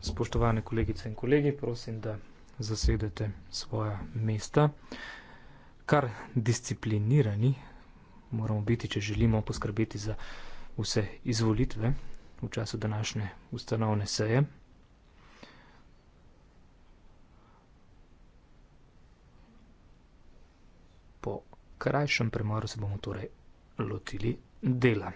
Spoštovane kolegice in kolegi, prosim, da zasedete svoja mesta. Kar disciplinirani moramo biti, če želimo poskrbeti za vse izvolitve v času današnje ustanovne seje. Po krajšem premoru se bomo torej lotili dela.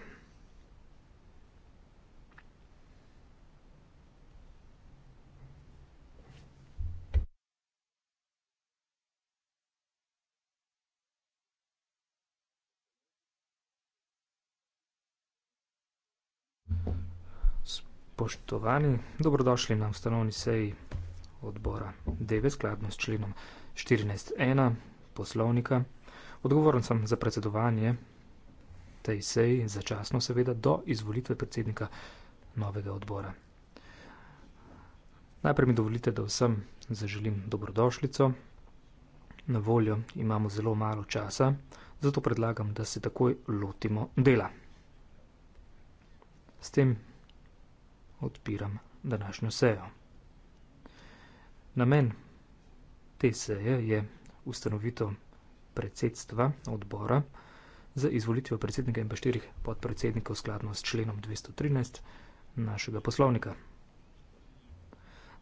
Poštovani, dobrodošli na ustanovni seji odbora DV skladno s členom 14.1 poslovnika. Odgovoren sem za predsedovanje tej seji, začasno seveda, do izvolitve predsednika novega odbora. Najprej mi dovolite, da vsem zaželim dobrodošlico. Na voljo imamo zelo malo časa, zato predlagam, da se takoj lotimo dela. S tem odpiram današnjo sejo. Namen te seje je ustanovitev predsedstva odbora za izvolitev predsednika in pa štirih podpredsednikov skladno s členom 213 našega poslovnika.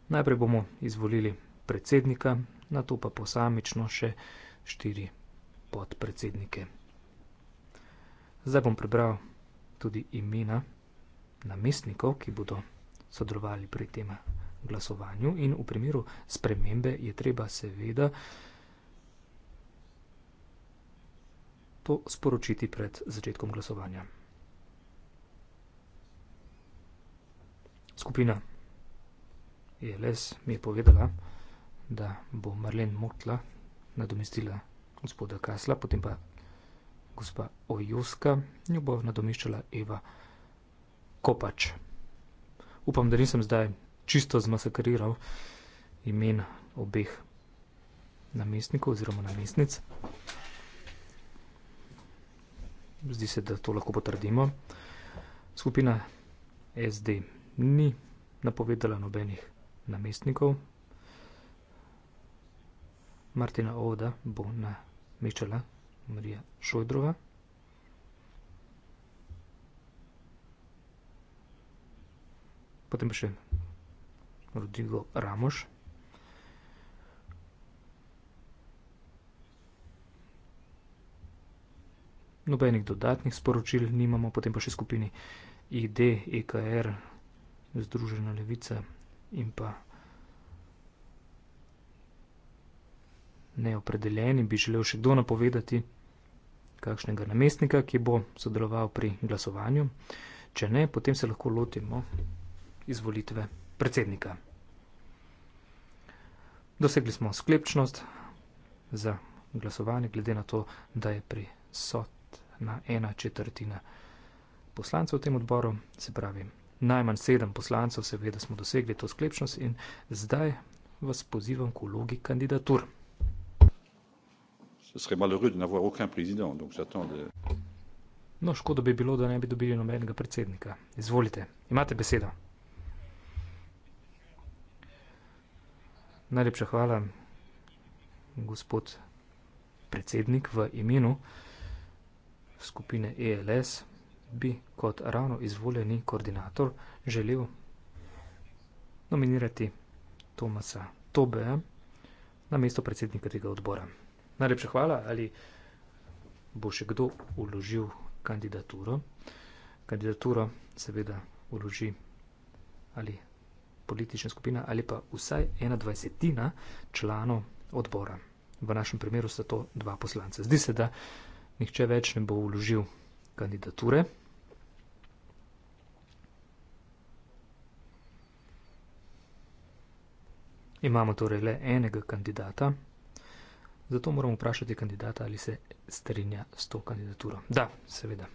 Najprej bomo izvolili predsednika, na to pa posamično še štiri podpredsednike. Zdaj bom prebral tudi imena namestnikov, ki bodo sodelovali pri tem glasovanju. In v primeru spremembe je treba seveda to sporočiti pred začetkom glasovanja. Skupina ELS mi je povedala, da bo Marlene Motla nadomestila gospoda Kasla, potem pa gospa Ojoska, njo bo nadomeščala Eva Kasla. Kopač. Upam, da nisem zdaj čisto zmasakriral imen obeh namestnikov oziroma namestnic. Zdi se, da to lahko potrdimo. Skupina SD ni napovedala nobenih namestnikov. Martina Oda bo namečala Marija Šojdrova. Potem pa še Rodrigo Ramos. Nobenih dodatnih sporočil nimamo, potem pa še skupini ID, EKR, Združena levica in pa neopredeljeni. Bi želel še kdo napovedati kakšnega namestnika, ki bo sodeloval pri glasovanju. Če ne, potem se lahko lotimo izvolitve predsednika. Dosegli smo sklepčnost za glasovanje, glede na to, da je prisotna ena četrtina poslancev v tem odboru, se pravi najmanj sedem poslancev, seveda smo dosegli to sklepčnost in zdaj vas pozivam k vlogi kandidatur. No, škoda bi bilo, da ne bi dobili nobenega predsednika. Izvolite, imate besedo. Najlepša hvala, gospod predsednik, v imenu skupine ELS bi kot ravno izvoljeni koordinator želel nominirati Tomasa Tobeja na mesto predsednika tega odbora. Najlepša hvala, ali bo še kdo uložil kandidaturo. Kandidaturo seveda uloži ali politična skupina ali pa vsaj ena dvajsetina članov odbora. V našem primeru so to dva poslanca. Zdi se, da nihče več ne bo vložil kandidature. Imamo torej le enega kandidata, zato moramo vprašati kandidata, ali se strinja s to kandidaturo. Da, seveda.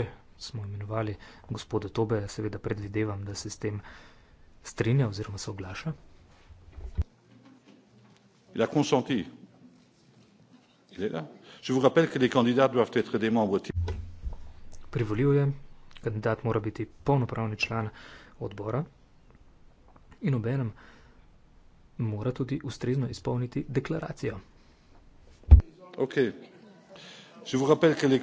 oče, smo imenovali gospoda Tobe, seveda predvidevam, da se s tem strinja oziroma se oglaša. Il a consenti. Il est là. Je vous rappelle que les candidats doivent être des membres. Privolil je, kandidat mora biti polnopravni član odbora in obenem mora tudi ustrezno izpolniti deklaracijo. Ok. Je vous rappelle que les...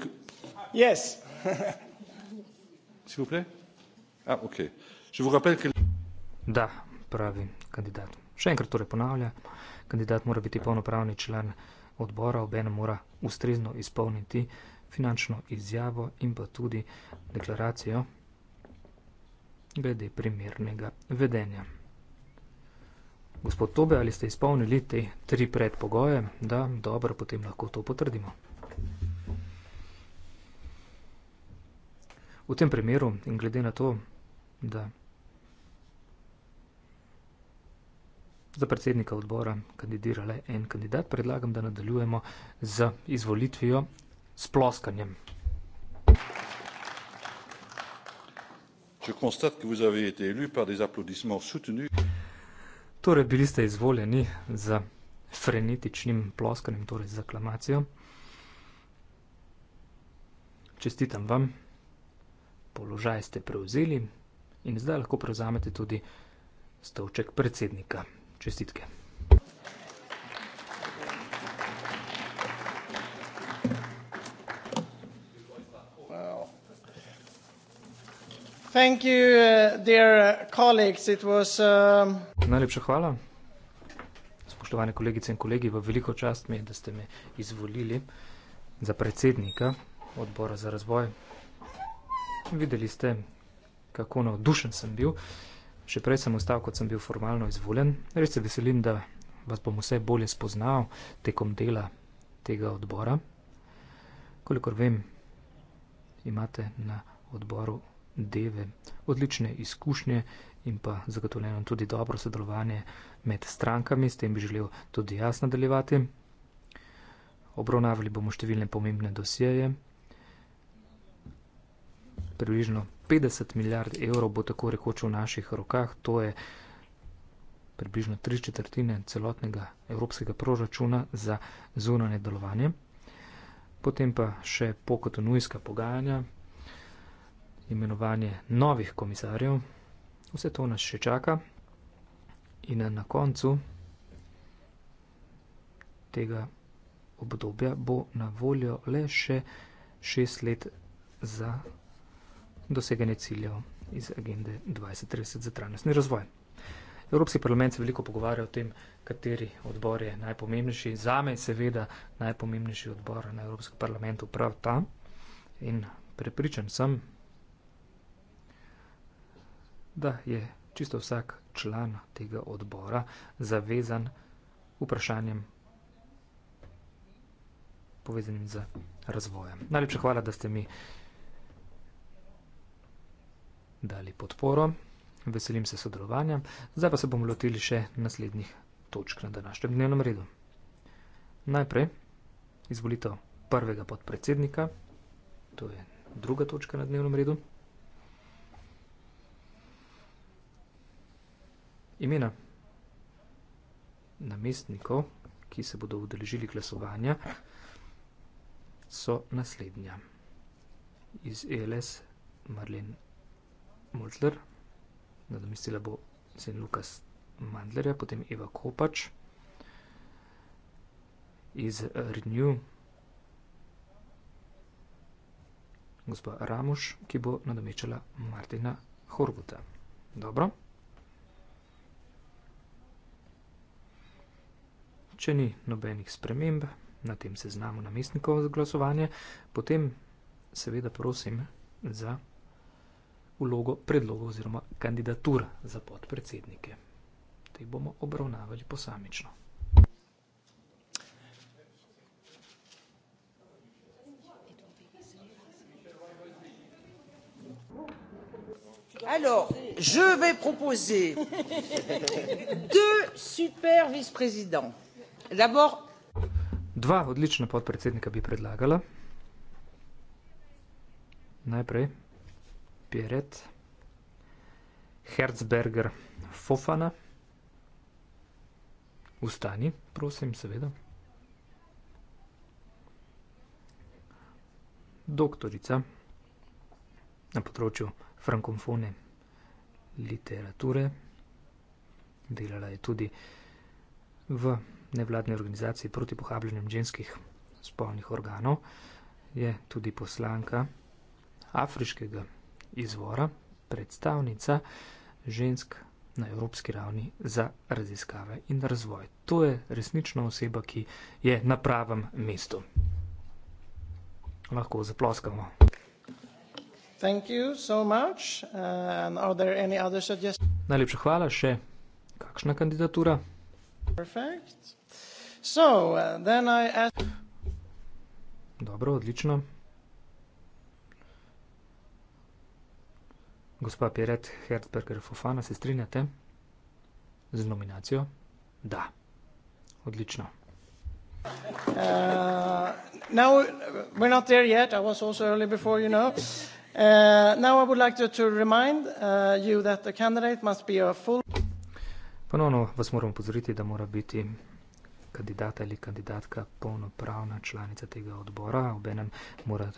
Yes. Ah, da, pravi kandidat. Še enkrat torej ponavlja, kandidat mora biti polnopravni član odbora, oben mora ustrezno izpolniti finančno izjavo in pa tudi deklaracijo glede primernega vedenja. Gospod Tobe, ali ste izpolnili te tri predpogoje? Da, dobro, potem lahko to potrdimo. V tem primeru in glede na to, da za predsednika odbora kandidira le en kandidat, predlagam, da nadaljujemo z izvolitvijo s ploskanjem. Je constate que vous avez été élu par des applaudissements soutenus. Torej bili ste izvoljeni z frenetičnim ploskanjem, torej z aklamacijo. Čestitam vam položaj ste prevzeli in zdaj lahko prevzamete tudi stavček predsednika. Čestitke. Thank you, uh, dear uh, colleagues. It was. Um... Najlepša hvala, spoštovane kolegice in kolegi, v veliko čast mi je, da ste me izvolili za predsednika odbora za razvoj Videli ste, kako navdušen sem bil. Še prej sem ostal, kot sem bil formalno izvoljen. Res se veselim, da vas bom vse bolje spoznal tekom dela tega odbora. Kolikor vem, imate na odboru deve odlične izkušnje in pa zagotovljeno tudi dobro sodelovanje med strankami, s tem bi želel tudi jaz nadaljevati. Obravnavali bomo številne pomembne dosjeje približno 50 milijard evrov bo tako rekoč v naših rokah, to je približno tri četrtine celotnega evropskega proračuna za zunanje delovanje. Potem pa še pokotonujska pogajanja, imenovanje novih komisarjev, vse to nas še čaka. In na koncu tega obdobja bo na voljo le še šest let za doseganje ciljev iz agende 2030 za trajnostni razvoj. Evropski parlament se veliko pogovarja o tem, kateri odbor je najpomembnejši. Za me je seveda najpomembnejši odbor na Evropskem parlamentu prav ta in prepričan sem, da je čisto vsak član tega odbora zavezan vprašanjem povezanim z razvojem. Najlepša hvala, da ste mi dali podporo. Veselim se sodelovanja. Zdaj pa se bomo lotili še naslednjih točk na današnjem dnevnem redu. Najprej izvolitev prvega podpredsednika, to je druga točka na dnevnem redu. Imena namestnikov, ki se bodo udeležili glasovanja, so naslednja. Iz e LS Marlene Mulder, nadomestila bo se Lukas Mandlerja, potem Eva Kopač iz eh, Renew, gospa Ramuš, ki bo nadomečala Martina Horvuta. Dobro. Če ni nobenih sprememb na tem seznamu namestnikov za glasovanje, potem seveda prosim za vlogo predlogov oziroma kandidatur za podpredsednike. Te bomo obravnavali posamično. Alors, je vais proposer deux super vice-présidents. D'abord. Dva odlična podpredsednika bi predlagala. Najprej перед Херцбергер Фофана. Ustani, prosim, seveda. Doktorica na področju frankofone literature, delala je tudi v nevladni organizaciji proti pohabljanju ženskih spolnih organov, je tudi poslanka afriškega izvora, predstavnica žensk na evropski ravni za raziskave in razvoj. To je resnična oseba, ki je na pravem mestu. Lahko zaploskamo. Thank you so much. Uh, and are there any other suggestions? Najlepša hvala še. Kakšna kandidatura? Perfect. So, uh, then I ask... Dobro, odlično. Gospa Piret Herzberger Fofana, se strinjate z nominacijo? Da. Odlično. Uh, now we're not there yet. I was also early before, you know. Uh, now I would like to, to remind uh, you that the candidate must be a full. Ponovno vas moram upozoriti, da mora biti kandidat ali kandidatka polnopravna članica tega odbora. Obenem mora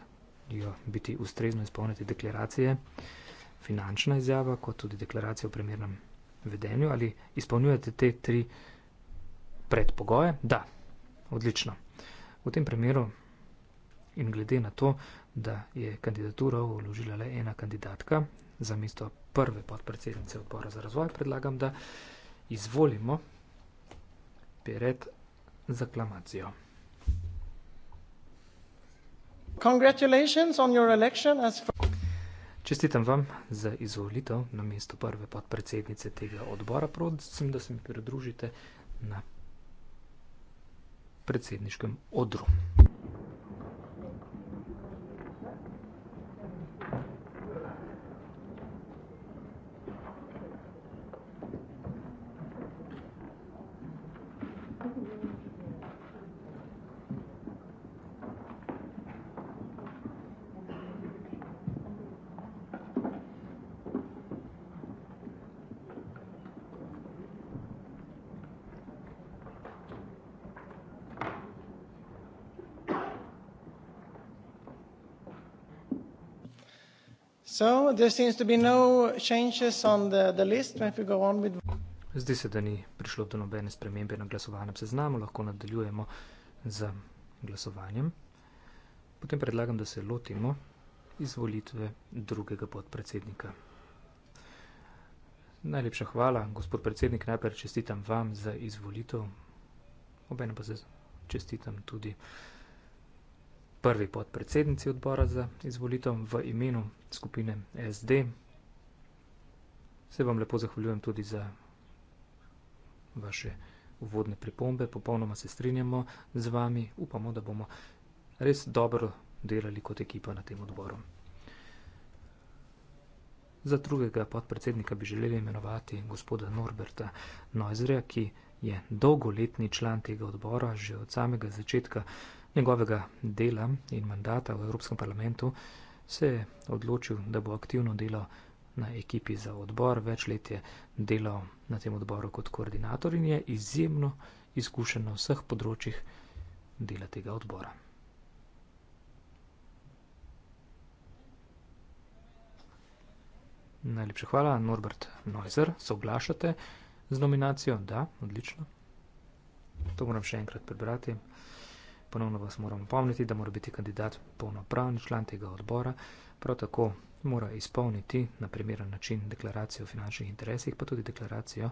biti ustrezno izpolniti deklaracije. Uh, finančna izjava, kot tudi deklaracija o primernem vedenju, ali izpolnjujete te tri predpogoje? Da, odlično. V tem primeru in glede na to, da je kandidaturo vložila le ena kandidatka za mesto prve podpredsednice odbora za razvoj, predlagam, da izvolimo pred zaklamacijo. Congratulations on your election as for Čestitam vam za izvolitev na mesto prve podpredsednice tega odbora. Prosim, da se mi pridružite na predsedniškem odru. So there seems to be no changes on the, the list when we go on with. Zdi se, da ni prišlo do nobene spremembe na glasovanem seznamu, lahko nadaljujemo z glasovanjem. Potem predlagam, da se lotimo izvolitve drugega podpredsednika. Najlepša hvala, gospod predsednik, najprej čestitam vam za izvolitev, obenem pa se čestitam tudi prvi podpredsednici odbora za izvolitev v imenu skupine SD. Se vam lepo zahvaljujem tudi za vaše uvodne pripombe, popolnoma se strinjamo z vami, upamo, da bomo res dobro delali kot ekipa na tem odboru. Za drugega podpredsednika bi želeli imenovati gospoda Norberta Noizreja, ki je dolgoletni član tega odbora, že od samega začetka njegovega dela in mandata v Evropskem parlamentu, se je odločil, da bo aktivno delo na ekipi za odbor. Več let je delal na tem odboru kot koordinator in je izjemno izkušen na vseh področjih dela tega odbora. Najlepša hvala, Norbert Neuser. Soglašate z nominacijo? Da, odlično. To moram še enkrat prebrati. Ponovno vas moram pomniti, da mora biti kandidat polnopravni član tega odbora, prav tako mora izpolniti na primeren način deklaracijo o finančnih interesih, pa tudi deklaracijo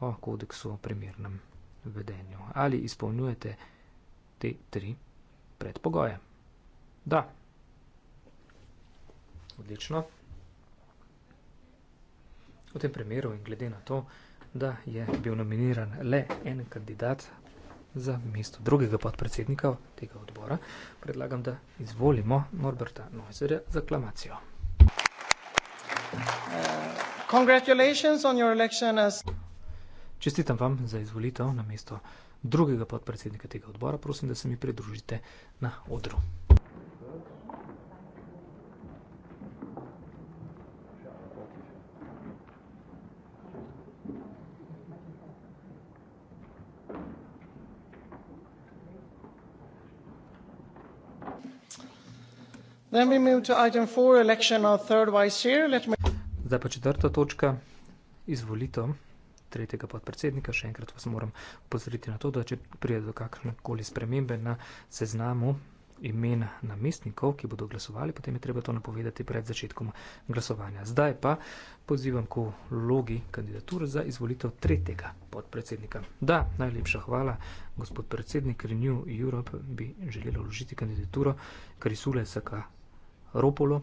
o kodeksu o primernem vedenju. Ali izpolnjujete te tri predpogoje? Da. Odlično. V tem primeru in glede na to, da je bil nominiran le en kandidat za mesto drugega podpredsednika tega odbora, predlagam, da izvolimo Norberta Noizerja za aklamacijo. Čestitam vam za izvolitev na mesto drugega podpredsednika tega odbora. Prosim, da se mi pridružite na odru. Zdaj pa četrta točka, izvolitev tretjega podpredsednika. Še enkrat vas moram pozoriti na to, da če prije do kakrkoli spremembe na seznamu imen namestnikov, ki bodo glasovali, potem je treba to napovedati pred začetkom glasovanja. Zdaj pa pozivam k vlogi kandidatur za izvolitev tretjega podpredsednika. Da, najlepša hvala, gospod predsednik Renew Europe bi želel vložiti kandidaturo Krisule Saka. Ropolo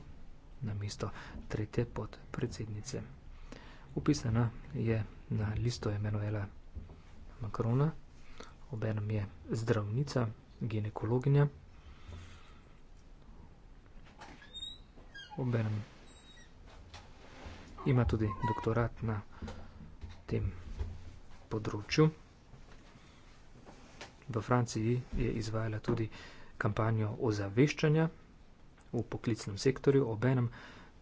na mesto tretje podpredsednice. Upisana je na listo Emanuela Makrona, obenem je zdravnica, ginekologinja, obenem ima tudi doktorat na tem področju. V Franciji je izvajala tudi kampanjo ozaveščanja v poklicnem sektorju, obenem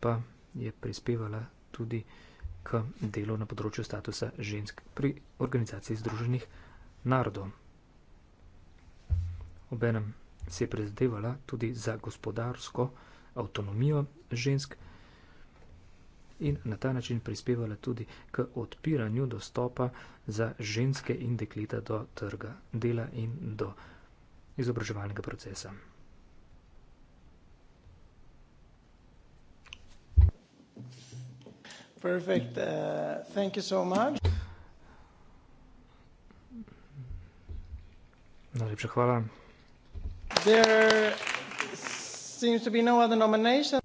pa je prispevala tudi k delu na področju statusa žensk pri organizaciji Združenih narodov. Obenem se je prizadevala tudi za gospodarsko avtonomijo žensk in na ta način prispevala tudi k odpiranju dostopa za ženske in dekleta do trga dela in do izobraževalnega procesa. Perfect. Uh, thank you so much. Najlepša hvala. There seems to be no other nomination.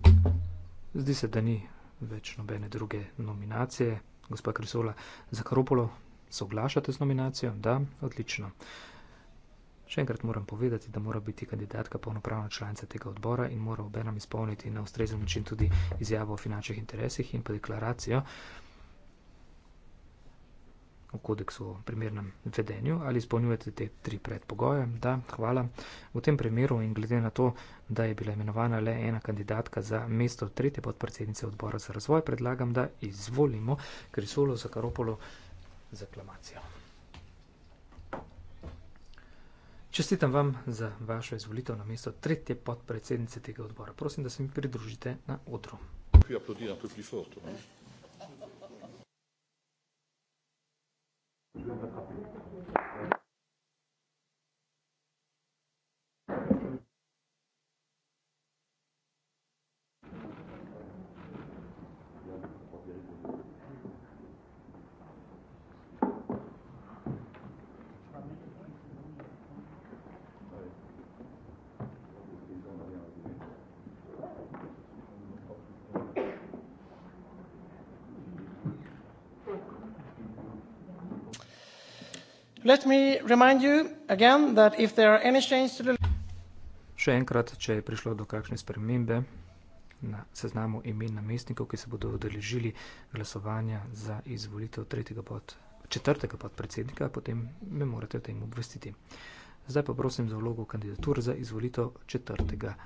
Zdi se, da ni več nobene druge nominacije. Gospa Krisola, za Karopolo soglašate z nominacijo? Da, odlično. Še enkrat moram povedati, da mora biti kandidatka polnopravna članica tega odbora in mora obenem izpolniti na ustrezen način tudi izjavo o finančnih interesih in pa deklaracijo v kodeksu o primernem vedenju ali izpolnjujete te tri predpogoje. Da, hvala. V tem primeru in glede na to, da je bila imenovana le ena kandidatka za mesto tretje podpredsednice odbora za razvoj, predlagam, da izvolimo Krisolo Zakaropolo za klamacijo. Čestitam vam za vašo izvolitev na mesto tretje podpredsednice tega odbora. Prosim, da se mi pridružite na odru. Thank you. Let me remind you again that if there are any changes to the Še enkrat, če je prišlo do kakšne spremembe na seznamu imen namestnikov, ki se bodo odeležili glasovanja za izvolitev pod, četrtega podpredsednika, potem me morate o tem obvestiti. Zdaj pa prosim za vlogo kandidatur za izvolitev četrtega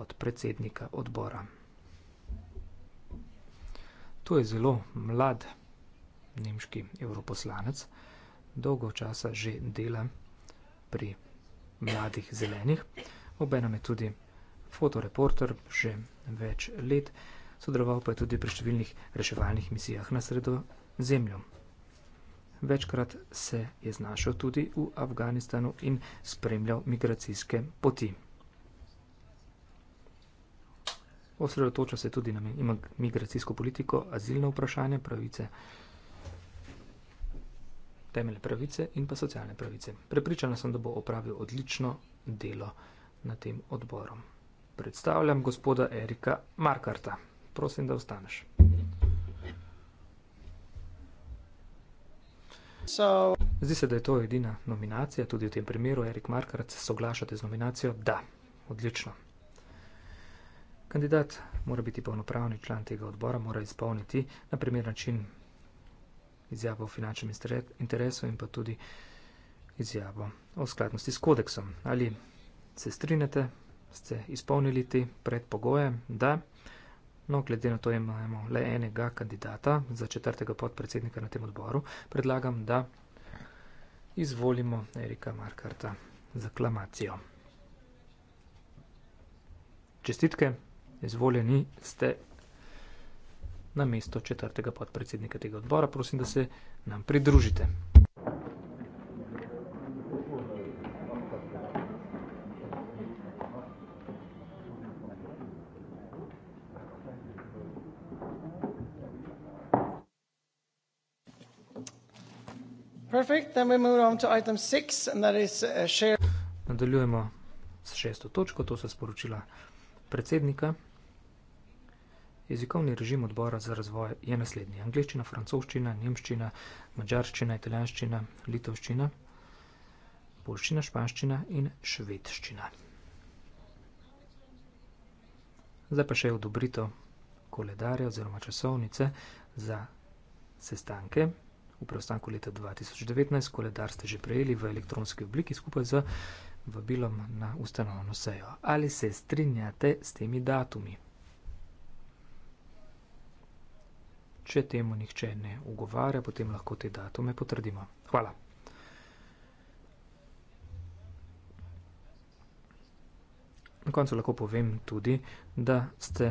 podpredsednika odbora. To je zelo mlad nemški evroposlanec dolgo časa že dela pri mladih zelenih. Obenem je tudi fotoreporter že več let, sodeloval pa je tudi pri številnih reševalnih misijah na sredozemlju. Večkrat se je znašel tudi v Afganistanu in spremljal migracijske poti. Osredotoča se tudi na migracijsko politiko, azilno vprašanje, pravice temeljne pravice in pa socialne pravice. Prepričana sem, da bo opravil odlično delo na tem odboru. Predstavljam gospoda Erika Markarta. Prosim, da ostaneš. So... Zdi se, da je to edina nominacija, tudi v tem primeru. Erik Markart, se soglašate z nominacijo? Da, odlično. Kandidat mora biti polnopravni član tega odbora, mora izpolniti na primer način izjavo o finančnem interesu in pa tudi izjavo o skladnosti s kodeksom. Ali se strinjate, ste izpolnili te predpogoje, da, no, glede na to imamo le enega kandidata za četrtega podpredsednika na tem odboru, predlagam, da izvolimo Erika Markarta za klamacijo. Čestitke, izvoljeni ste na mesto četrtega podpredsednika tega odbora. Prosim, da se nam pridružite. Uh, Nadaljujemo s šesto točko, to so sporočila predsednika. Jezikovni režim odbora za razvoj je naslednji: angliščina, francoščina, nemščina, mačarščina, italijanščina, litovščina, polščina, španščina in švedščina. Zdaj pa še odobritev koledarja oziroma časovnice za sestanke. V preostanku leta 2019 koledar ste že prejeli v elektronski obliki skupaj z vabilom na ustanovno sejo. Ali se strinjate s temi datumi? Če temu nihče ne ugovarja, potem lahko te datume potrdimo. Hvala. Na koncu lahko povem tudi, da ste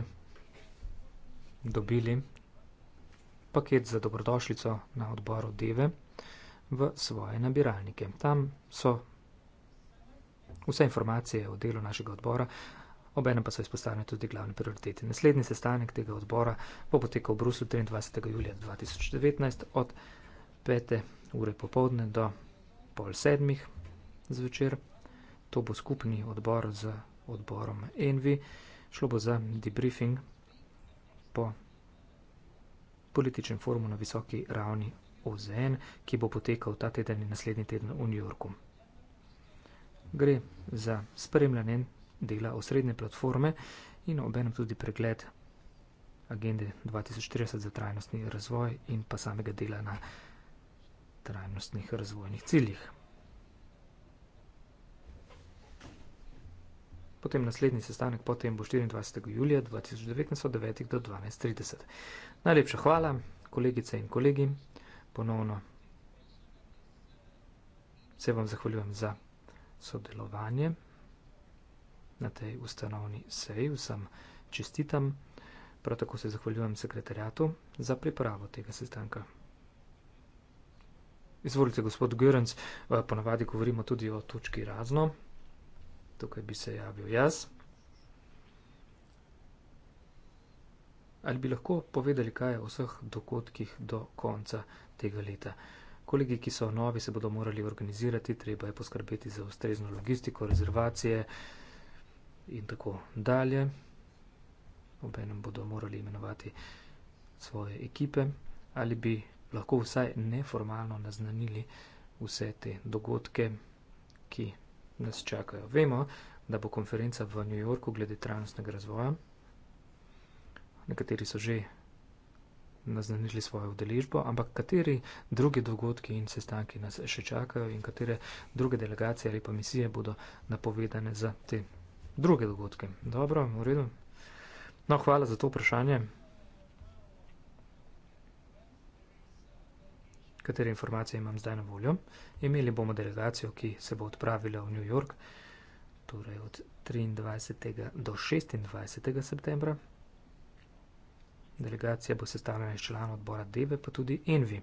dobili paket za dobrodošlico na odboru Deve v svoje nabiralnike. Tam so vse informacije o delu našega odbora obenem pa so izpostavljene tudi glavne prioritete. Naslednji sestanek tega odbora bo potekal v Bruslu 23. julija 2019 od 5. ure popovdne do pol sedmih zvečer. To bo skupni odbor z odborom ENVI. Šlo bo za debriefing po političnem forumu na visoki ravni OZN, ki bo potekal ta teden in naslednji teden v New Yorku. Gre za spremljanje dela osrednje platforme in obenem tudi pregled agende 2030 za trajnostni razvoj in pa samega dela na trajnostnih razvojnih ciljih. Potem naslednji sestanek potem bo 24. julija 2019 od 9. do 12.30. Najlepša hvala, kolegice in kolegi, ponovno se vam zahvaljujem za sodelovanje na tej ustanovni seji. Vsem čestitam, prav tako se zahvaljujem sekretarjatu za pripravo tega sestanka. Izvolite, gospod Görenc, eh, ponavadi govorimo tudi o točki razno. Tukaj bi se javil jaz. Ali bi lahko povedali, kaj je o vseh dogodkih do konca tega leta? Kolegi, ki so novi, se bodo morali organizirati, treba je poskrbeti za ustrezno logistiko, rezervacije, in tako dalje. Obenem bodo morali imenovati svoje ekipe ali bi lahko vsaj neformalno naznanili vse te dogodke, ki nas čakajo. Vemo, da bo konferenca v New Yorku glede trajnostnega razvoja. Nekateri so že naznanili svojo udeležbo, ampak kateri drugi dogodki in sestanki nas še čakajo in katere druge delegacije ali pa misije bodo napovedane za te druge dogodke. Dobro, v redu. No, hvala za to vprašanje. Katere informacije imam zdaj na voljo? Imeli bomo delegacijo, ki se bo odpravila v New York, torej od 23. do 26. septembra. Delegacija bo sestavljena iz člana odbora DEVE, pa tudi ENVI.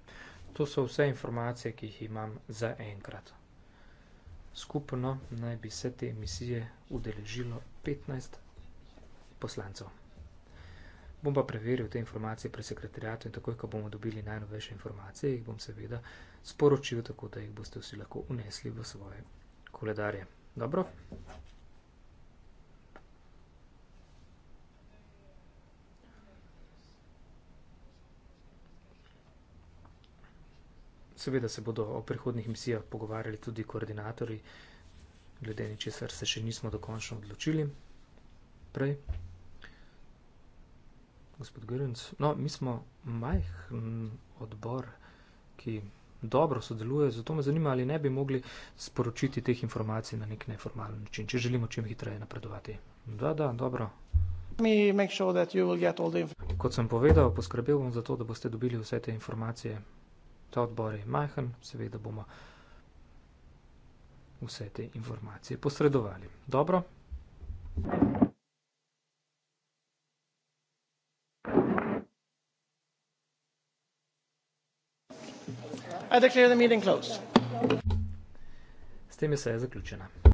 To so vse informacije, ki jih imam za enkrat. Skupno naj bi se te misije udeležilo 15 poslancev. Bom pa preveril te informacije pri sekretarijatu in takoj, ko bomo dobili najnovejše informacije, jih bom seveda sporočil, tako da jih boste vsi lahko unesli v svoje koledarje. Dobro? Seveda se bodo o prihodnih misijah pogovarjali tudi koordinatori, glede na česar se še nismo dokončno odločili. Prej. Gospod Grunc, no, mi smo majhen odbor, ki dobro sodeluje, zato me zanima, ali ne bi mogli sporočiti teh informacij na nek neformalen način, če želimo čim hitreje napredovati. Da, da, dobro. Sure Kot sem povedal, poskrbel bom za to, da boste dobili vse te informacije. Ta odbor je majhen, seveda bomo vse te informacije posredovali. Dobro. I declare the meeting closed. S tem je seja zaključena.